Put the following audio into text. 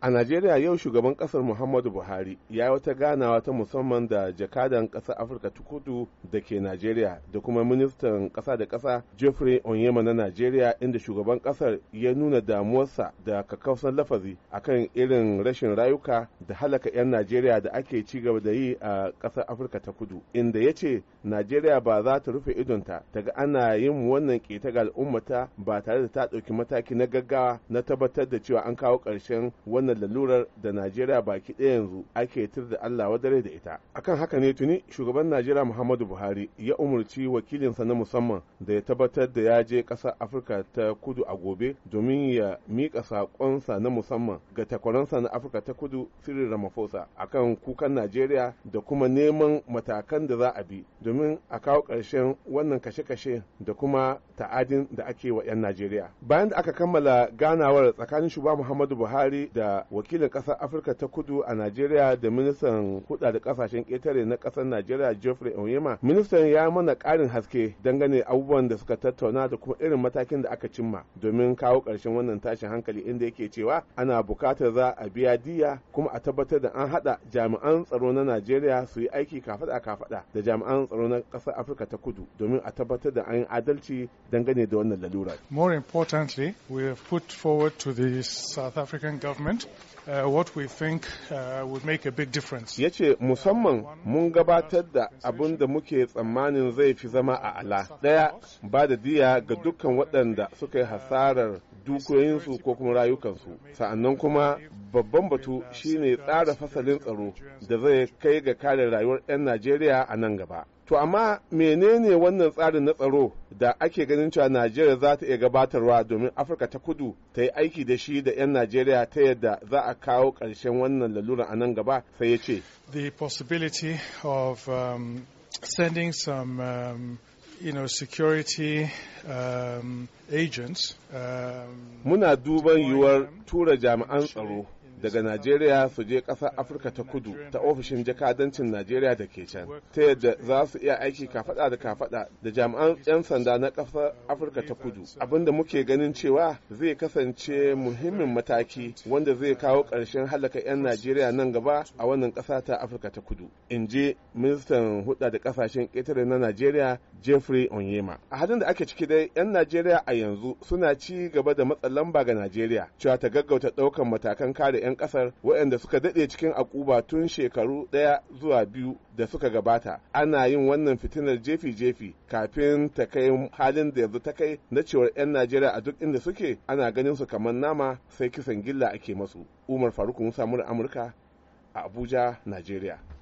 A Najeriya yau shugaban kasar Muhammadu Buhari ya yi wata ganawa ta musamman da jakadan ƙasar Afirka ta kudu da ke Najeriya da kuma ministan ƙasa da ƙasa jeffrey Onyema na Najeriya inda shugaban ƙasar ya nuna damuwarsa da kakkausan lafazi akan irin rashin rayuka da halaka 'yan Najeriya da ake ci gaba da yi a ƙasar Afirka ta kudu inda ya ce Najeriya ba za ta rufe idonta ta daga ana yin wannan ƙeta ga al'ummata ba tare da ta ɗauki mataki na gaggawa na tabbatar da cewa an kawo ƙarshen wannan wannan lalurar da najeriya baki ɗaya yanzu ake tir da allah wadare da ita akan haka ne tuni shugaban najeriya muhammadu buhari ya umarci wakilinsa na musamman da ya tabbatar da ya je ƙasar afirka ta kudu a gobe domin ya miƙa saƙonsa na musamman ga takwaransa na afirka ta kudu sirri ramaphosa akan kukan najeriya da kuma neman matakan da za a bi domin a kawo ƙarshen wannan kashe-kashe da kuma ta'adin da ake wa 'yan najeriya bayan da aka kammala ganawar tsakanin shugaba muhammadu buhari da wakilin ƙasar afirka ta kudu a najeriya da ministan Kuɗa da ƙasashen ƙetare na ƙasar najeriya geoffrey onyema ministan ya mana ƙarin haske dangane abubuwan da suka tattauna da kuma irin matakin da aka cimma domin kawo ƙarshen wannan tashin hankali inda yake cewa ana buƙatar za a biya diya kuma a tabbatar da an haɗa jami'an tsaro na najeriya su yi aiki kafaɗa kafaɗa da jami'an tsaro na ƙasar afirka ta kudu domin a tabbatar da an yi adalci dangane da wannan lalura. more importantly we have put forward to the south african government Uh, uh, ya ce musamman mun gabatar da abin da muke tsammanin zai fi zama a ala. Daya ba da diya ga dukkan waɗanda suka yi hasarar Dukoyinsu ko kuma rayukansu sa'annan kuma babban batu shine tsara fasalin tsaro da zai kai ga kare rayuwar 'yan najeriya a nan gaba to amma menene wannan tsarin na tsaro da ake ganin cewa najeriya za ta iya gabatarwa domin afirka ta kudu ta yi aiki da shi da 'yan najeriya ta yadda za a kawo ƙarshen wannan lalura a nan gaba sai ya ce the possibility of um, sending some um, you know, security um, agents. Um, Muna duban yiwuwar tura jami'an tsaro daga Najeriya su je ƙasar Afirka ta kudu ta ofishin jakadancin Najeriya da ke can ta yadda za su iya aiki kafaɗa da kafaɗa da jami'an 'yan sanda na ƙasar Afirka ta kudu abinda muke ganin cewa zai kasance muhimmin mataki wanda zai kawo ƙarshen halaka 'yan Najeriya nan gaba a wannan ƙasa ta Afirka ta kudu in je ministan hudda da ƙasashen ƙetare na Najeriya Jeffrey Onyema a halin da ake ciki dai 'yan Najeriya a yanzu suna ci gaba da matsalan lamba ga Najeriya cewa ta gaggauta ɗaukan matakan kare 'yan kasar waɗanda suka daɗe cikin akuba tun shekaru ɗaya zuwa biyu da suka gabata ana yin wannan fitinar jefi-jefi kafin ta kai halin da yanzu ta kai na cewar 'yan najeriya a duk inda suke ana ganin su kamar nama sai kisan gilla ake masu umar faruk musa amurka a abuja najeriya